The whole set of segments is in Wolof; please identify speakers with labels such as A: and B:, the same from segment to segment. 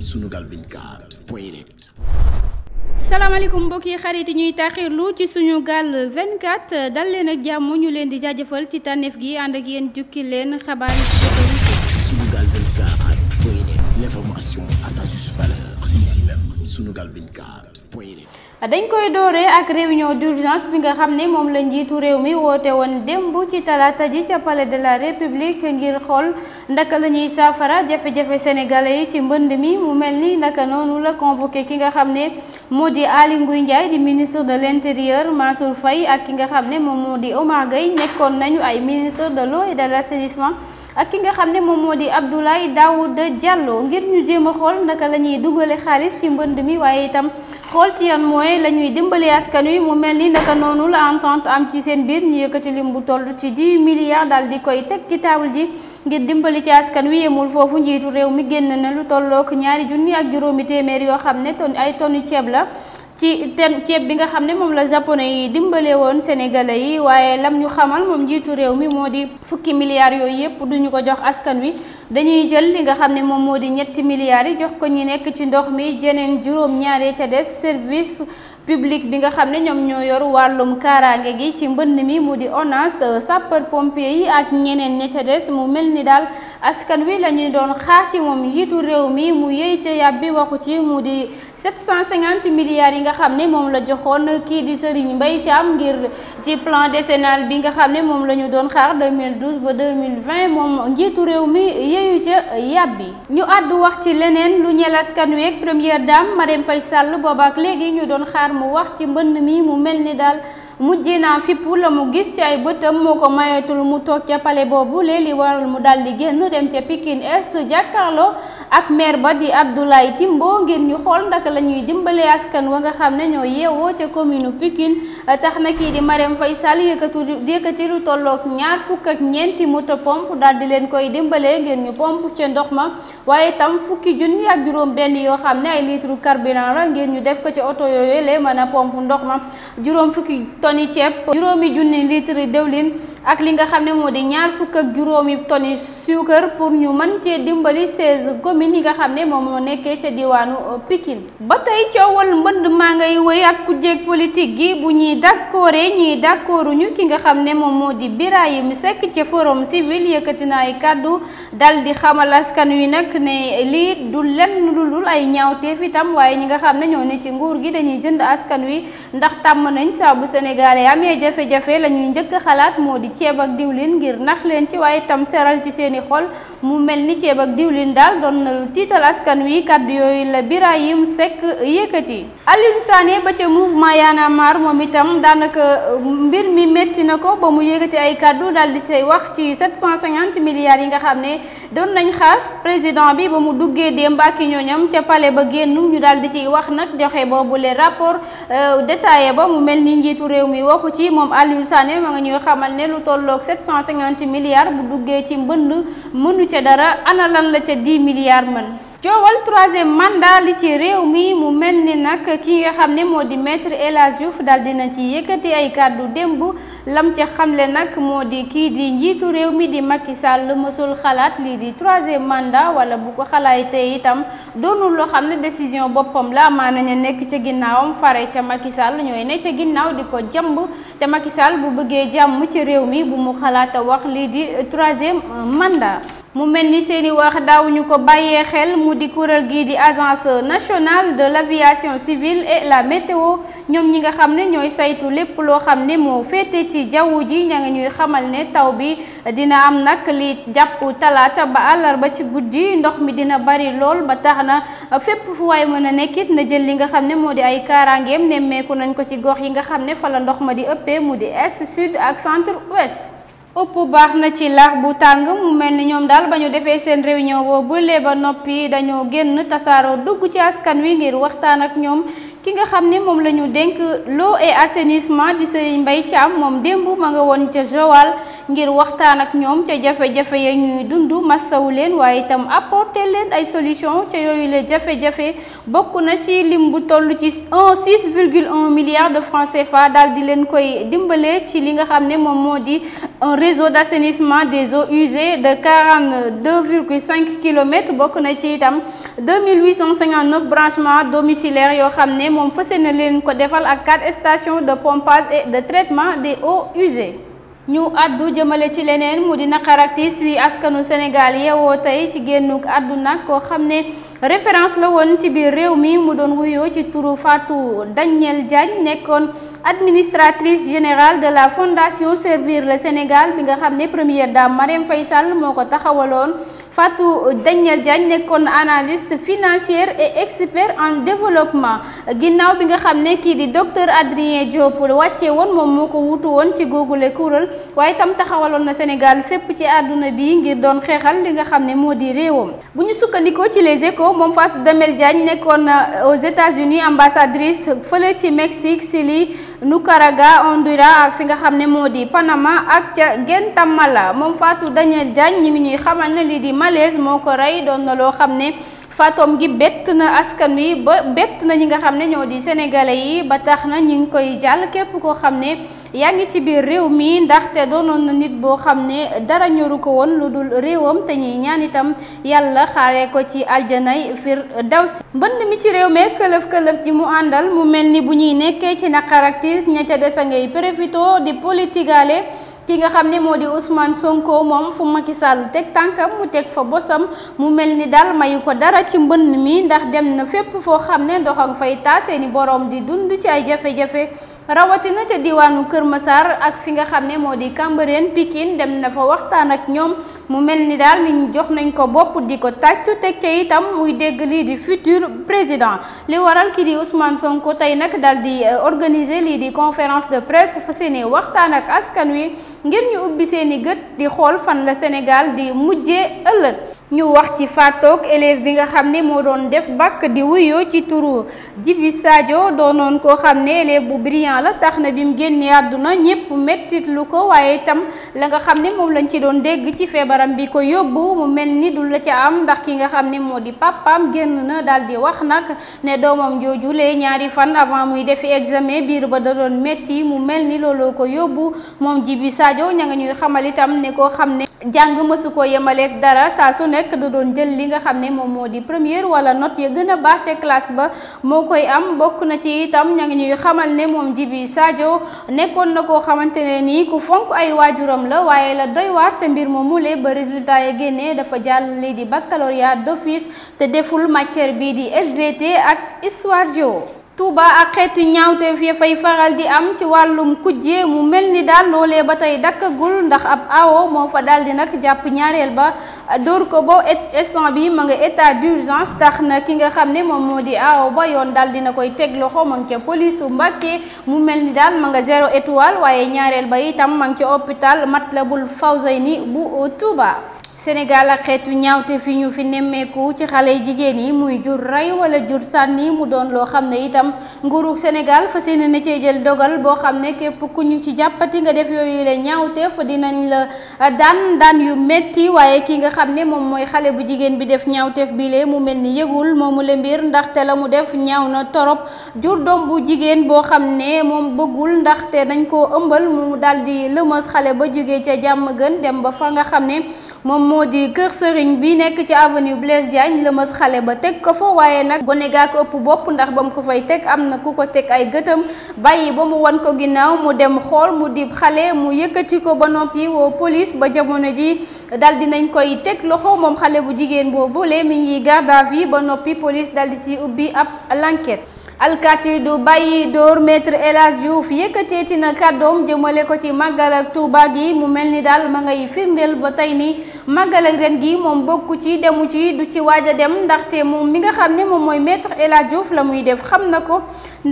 A: Sunugal 24 point net l'information mbokki xarit yi ñuy taxirlu ci suñu gaal 24 dal leen ak jàmm ñu leen di jaajëfal ci tànneef gi ànd ak yéen jukki leen xabaar yi sunugal ah, koy dooree ak réunion d'urgence bi nga xam ne moom la njiitu réew mi woote woon démb ci talaata ji ca palais de la république ngir xool ndaka la ñuy saafara jafe-jafe sénégalais yi ci mbënd mi mu mel ni ndaka noonu la convoqué ki nga xam ne moo di Aly Ngouille Ndiaye di ministre de l'intérieur Mansour Faye ak ki nga xam ne moom moo di Omar Gueye nekkoon nañu ay ministre de l'eau et de l'assainissement ak ki nga xam ne moom moo di Abdoulaye Daouda Diallo ngir ñu jéem a xool naka la ñuy dugale xaalis ci mbënd mi waaye itam xool ci yan mooy la ñuy dimbali askan wi mu mel ni naka noonu la entente am ci seen biir ñu yëkkati lim bu toll ci 10 milliards daal di koy teg ci table ji ngir dimbali ci askan wi yemul foofu njiitu réew mi génn na lu tollook ñaari junni ak juróomi téeméer yoo xam ne ton ay tonni ceeb la ci tem ceeb bi nga xam ne moom la japonais yi dimbale woon sénégalais yi waaye lam ñu xamal moom njiitu réew mi moo di fukki milliards yooyu yëpp duñu ko jox askan wi dañuy jël li nga xam ne moom moo di ñetti milliards yi jox ko ñi nekk ci ndox mi jeneen juróom ñaaree ca des service public bi nga xam ne ñoom ñoo yor wàllum kaaraange gi ci mbënn mi mu di ONAS euh, sapeur pompier yi ak ñeneen ña ca des mu mel ni daal askan wi la ñuy doon xaar ci moom njiitu réew mi mu yëy ca yàbbi waxu ci mu di 750 milliards yi nga xam ne moom la joxoon kii di Serigne Mbaye Thiam ngir ci plan décennal bi nga xam ne moom la ñu doon xaar 2012 ba 2020 moom njiitu réew mi yëyu ca yàbbi ñu àddu wax ci leneen lu ñeel askan wi ak première dame Marème Faye Sall boobaak léegi ñu doon xaar mu wax ci mbënn mi mu mel ni daal mujjee naa fippu la mu gis ci ay bëtam moo ko mayeetul mu toog ca pale boobu léegi warul mu daal di génn dem ca Pikine Est jàkkaarloo ak mer ba di Abdoulaye Timbo ngir ñu xool ndaka la ñuy dimbalee askan wa nga xam ne ñoo yeewoo ca commune Pikine tax na kii di Marème fay Sall yëkkatu yëkkati lu tollook ñaar fukk ak ñeenti moto pompe daal di leen koy dimbalee ngir ñu pompe ca ndox ma waaye itam fukki junni ak juróom benn yoo xam ne ay litre carburant ngir ñu def ko ci oto yooyu lee mën a pompe ndox ma juróom fukki toni ceeb juróomi junni litre diwlin ak li nga xam ne moo di ñaar fukk ak juróom juróomi toni suukar pour ñu mën cee dimbali 16 communes yi nga xam ne moom moo nekkee ca diwaanu Pikine ba tey coowal mbënd maa ngay wéy ak kujjeeg politique gi bu ñuy d'accordee ñuy ñu ki nga xam ne moom moo di Birahim Seck ca forom civil yëkkati na ay kàddu dal di xamal askan wi nag ne lii du lenn lu dul ay ñaawteef itam waaye ñi nga xam ne ñoo ne ci nguur gi dañuy jënd askan wi ndax tàmm nañ saa bu Sénégalais amee jafe-jafe njëkk xalaat moo ceeb ak diwlin ngir nax leen ci waaye itam seral ci seeni xol mu mel ni ceeb ak diwlin daal doon na lu tiital askan wi kàddu yooyu la Birahim Seck yëkkati. Alioune Sané ba ca mouvement Y'en a marre moom itam daanaka uh, mbir mi métti na ko ba mu yëkkati ay kàddu daal di say wax ci 750 milliards yi nga xam ne doon nañ xaar président bi ba mu duggee démb ak ñooñam ca palais ba génn ñu daal di ciy wax nag joxe boobu le rapport uh, détaillé ba mu mel ni njiitu réew mi waxu ci moom Alioune Sané ma nga ñuy xamal ne lu cent 750 milliards bu duggee ci mbënd mënu ca dara ana lan la ca 10 milliards mën coowal troisième mandat li ci réew mi mu mel ni nag ki nga xam ne moo di maître El Hadj Diouf daal dina ci yëkkati ay kàddu démb lam ca xamle nag moo di kii di njiitu réew mi di Macky Sall mësul xalaat lii di troisième mandat wala bu ko tey itam doonul loo xam ne décision boppam la amaana ña nekk ca ginnaawam fare ca Macky Sall ñooy ne ca ginnaaw di ko jàmb te Macky Sall bu bëggee jàmm ci réew mi bu mu xalaata wax lii di troisième mandat. mu mel ni seeni wax daawuñu ko bàyyee xel mu di kuréel gii di agence nationale de l' aviation civile et la météo ñoom ñi nga xam ne ñooy saytu lépp loo xam ne moo féete ci jaww ji ña nga ñuy xamal ne taw bi dina am nag li jàpp talaata ba àllarba ci guddi ndox mi dina bari lool ba tax na fépp fu waay mën a nekkit na jël li nga xam ne moo di ay kaaraangeem nemmeeku nañ ko ci gox yi nga xam ne fa la ndox ma di ëppee mu di est sud ak centre ouest. upp baax na ci laax bu tàng mu mel ni ñoom daal ba ñu defee seen réunion boobu lee ba noppi dañoo génn tasaaroo dugg ci askan wi ngir waxtaan ak ñoom ki nga xam ne moom la ñu dénk l'eau et assainissement di Serigne Mbaye Thiam moom démb ma nga woon ca Joal ngir waxtaan ak ñoom ca jafe-jafe ya ñuy dund massawu leen waaye itam apporter leen ay solution ca yooyu la jafe-jafe bokk na ci lim bu toll ci 1 6 virgule 1 milliard de francs CFA daal di leen koy dimbalee ci li nga xam ne moom moo di un réseau d' assainissement des eaux usées de 42 virgule cinq kilomètres bokk na ci itam 2859 branchements domiciliaires yoo xam ne moom fëse na leen ko defal ak quatre estation de pompage et de traitement des eaux usées. ñu àddu jëmale ci leneen mu di naqar wi askanu Sénégal yeewoo tey ci génnuk àdduna koo xam ne référence la woon ci biir réew mi mu doon wuyoo ci turu Fatou Daniel Diagne nekkoon administratrice générale de la fondation Servir le Sénégal bi nga xam ne première dame Marième Faye Sall moo ko taxawaloon. Fatou Daniel Diagne nekkoon analyste financière et expert en développement ginnaaw bi nga xam ne kii di docteur Adrien Diop wàcce woon moom moo ko wutu woon ci googule kuréel waaye tam taxawaloon na Sénégal fépp ci àdduna bi ngir doon xeexal li nga xam ne moo di réewam bu ñu sukkandikoo ci les échos moom Fatou Daniel Diagne nekkoon na euh, aux États-Unis ambassadrice fële ci Mexique lii Nicaragua Honduras ak fi nga xam ne moo di Panama ak ca Guatemala moom faatu Daniel Diagne ñu ngi ñuy xamal na lii di malaise moo ko rey doon na loo xam ne faatoom gi bett na askan wi ba bett na ñi nga xam ne ñoo di sénégalais yi ba tax na ñu ngi koy jàll képp koo xam ne. yaa ngi ci biir réew mi ndaxte doonoon na nit boo xam ne dara ñoru ko woon lu dul réewam te ñuy ñaan yàlla xaaree ko ci aljanay fir daw si mbënd mi ci réew meeg këlëf-këlëf ji mu àndal mu mel ni bu ñuy nekkee ci naqar ak tiis ña ca des a ngay profito di politigaale ki nga xam ne moo di Ousmane Sonko moom fu Macky Sall teg tànkam mu teg fa bosam mu mel ni daal mayu ko dara ci mbënn mi ndax dem na fépp foo xam ne ndox fay taa seeni boroom di dund ci ay jafe rawatina ca diwaanu Kër Massar ak fi nga xam ne moo di Cambérène Pikine dem na fa waxtaan ak ñoom mu mel ni daal ni jox nañ ko bopp di ko tàccu teg ca itam muy dégg lii di futur président li waral ki di Ousmane Sonko tey nag dal di euh, organiser lii di conférence de presse fa seeni waxtaan ak askan wi ngir ñu ubbi seeni gët di xool fan la Sénégal di mujjee ëllëg ñu wax ci faatoog élève bi nga xam ne moo doon def bac di wuyoo ci turu Djibi Sadio doonoon koo xam ne élève bu brillant la tax na bi mu génnee àdduna ñëpp mettit lu ko waaye itam la nga xam ne moom lañ ci doon dégg ci feebaram bi ko yóbbu mu mel ni du la ca am ndax ki nga xam ne moo di papaam génn na daal wax nag ne doomam joojulee ñaari fan avant muy defi examen biir ba da doon metti mu mel ni looloo ko yóbbu moom Djibi Sadio ña nga ñuy xamal ne koo xam ne jàng mësu ko yemaleeg dara saa su nekk da doon jël li nga xam ne moom moo di première wala not ya gën a baax ca classe ba moo koy am bokk na ci itam ña ngi ñuy xamal ne moom Djiby Sadio nekkoon na koo xamante ne nii ku fonk ay waajuram la waaye la doy waar ca mbir moomu le ba résultat ya génnee dafa jàll li di baccalauréat d'office te deful matière bi di SVT ak histoire géo Touba ak xeeti ñaawteef ya fay faral di am ci wàllum kujje mu mel ni daal loolee ba tey dakkagul ndax ab awo moo fa daal di nag jàpp ñaareel ba dóor ko ba instant bi ma nga état d'urgence tax na ki nga xam ne moom moo di awo ba yoon daal dina koy teg loxo ma ngi ca police u Mbàkke mu mel ni daal ma nga zéro étoile waaye ñaareel ba itam ma ngi ca hôpital Matlaboul Fawzayni bu Touba. Sénégal ak yu ñaawte fi ñu fi nemmeeku ci xale yi jigéen yi muy jur rey wala jur sànni mu doon loo xam ne itam nguuru Sénégal fa yéene na cee jël dogal boo xam ne képp ku ñu ci jàppati nga def yooyu la ñaawteef dinañ la daan daan yu metti waaye kii nga xam ne moom mooy xale bu jigéen bi def ñaawteef bi lee mu mel ni yëgul moomu la mbir ndaxte la mu def ñaaw na torop jur doom bu jigéen boo xam ne moom bëggul ndaxte dañ koo ëmbal mu daal di lëmas xale ba jógee ca jàmm gën dem ba fa nga xam ne moom moo di kër sëriñ bi nekk ci avenue Blaise Diagne lëmas xale ba teg ko fa waaye nag gone gaa ko ëpp bopp ndax ba mu ko fay teg am na ku ko teg ay gëtam bàyyi ba mu wan ko ginnaaw mu dem xool mu dib xale mu yëkkati ko ba noppi woo police ba jamono ji dal dinañ koy teg loxo moom xale bu jigéen boobu lee mi ngi garde à ba noppi police dal di ci ubbi ab l'enquête alkaati du bàyyi dóor metre El Hadj Diouf yëkkateeti na kàddoom jëmale ko ci màggal ak Touba gi mu mel ni daal ma ngay firndeel ba tey nii màggal ak ren gi moom bokk ci demu ci du ci waaj a dem ndaxte moom mi nga xam ne moom mooy maître El Hadj la muy def xam na ko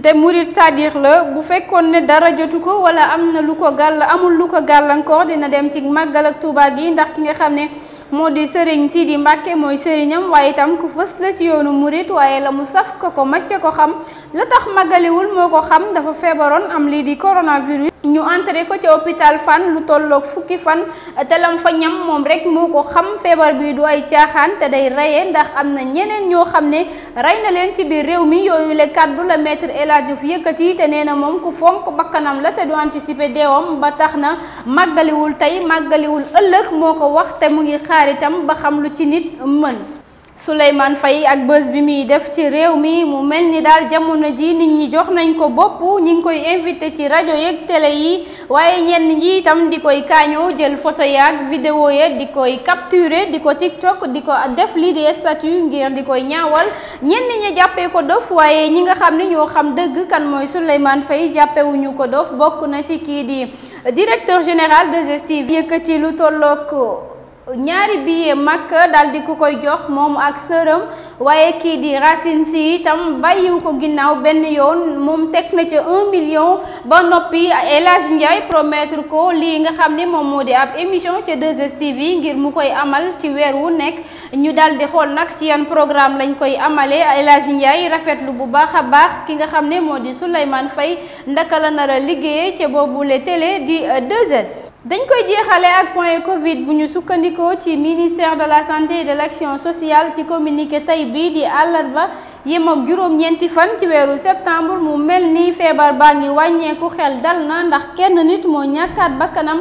A: te murit sadir la bu fekkoon ne dara jotu ko wala am na lu ko gàll amul lu ko gàllankoor dina dem ci màggal ak Touba gi ndax ki nga xam ne. moo di sëriñ Sidi Mbàkke mooy sëriñam waaye itam ku fës la ci yoonu murit waaye la mu saf ko ko macc ko xam la tax màggaliwul moo ko xam dafa feebaroon am lii di coronavirus ñu entré ko ca hôpital Fann lu tollook fukki fan te lam fa ñam moom rekk moo ko xam feebar bi du ay caaxaan te day reye ndax am na ñeneen ñoo xam ne rey na leen ci biir réew mi yooyu le kàddu la maître El Hadji Diouf yëkkati te nee na moom ku fonk bakkanam la te du anticiper deewam ba tax na màggaliwul tey màggaliwul ëllëg moo ko wax te mu ngi xaar ba xam lu ci nit mën. Souleymane Faye ak bës bi muy def ci réew mi mu mel ni daal jamono ji nit ñi jox nañ ko bopp ñi ngi koy invité ci rajo yeeg tele yi waaye ñenn ñi itam di koy kaañoo jël photo yaak vidéo ye di koy capturer di ko TikTok di ko def lii di statut ngir di koy ñaawal ñenn ñi jàppee ko dof waaye ñi nga xam ne ñoo xam dëgg kan mooy Souleymane Faye jàppewuñu ko dof bokk na ci kii di directeur général de 2STV ci lu tollook ñaari billet mag daal di ko koy jox moomu ak sëram waaye kii di Racine Sy itam bàyyiwu ko ginnaaw benn yoon moom teg na ca un million ba noppi El Hadji Ndiaye promettre ko lii nga xam ne moom moo di ab émission ca 2STV ngir mu koy amal ci weer wu nekk ñu daal di xool nag ci yan programme lañ koy amalee El Hadji Ndiaye rafetlu bu baax a baax ki nga xam ne moo di Souleymane Faye ndaka la nar a liggéeyee ca boobule tele di 2S. dañ koy jeexale ak point Covid bu ñu sukkandikoo ci ministère de la santé et de l'action sociale ci communiqué tey bii di àllarba yem ak juróom-ñeenti fan ci weeru septembre mu mel ni feebar baa ngi wàññeeku xel dal na ndax kenn nit moo ñàkkaat bakkanam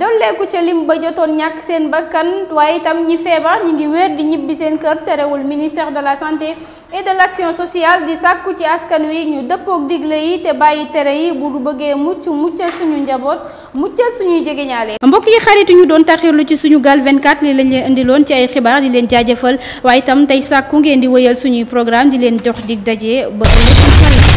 A: dolleeku ca lim ba jotoon ñàkk seen bakkan waaye itam ñi feebar ñi ngi wér di ñibbi seen kër terewul ministère de la santé et de l'action sociale di sàkku ci askan wi ñu dëppook digle yi te bàyyi tere yi bu du bëggee mucc muccal suñu njaboot muccal suñuy jegeñaale mbokk yi xarit ñu doon taxirlu ci suñu gaal 24 li lañ leen indiloon ci ay xibaar di leen jaajëfal waaye itam tey sàkku ngeen di wëyal suñuy programme di leen jox dig daje ba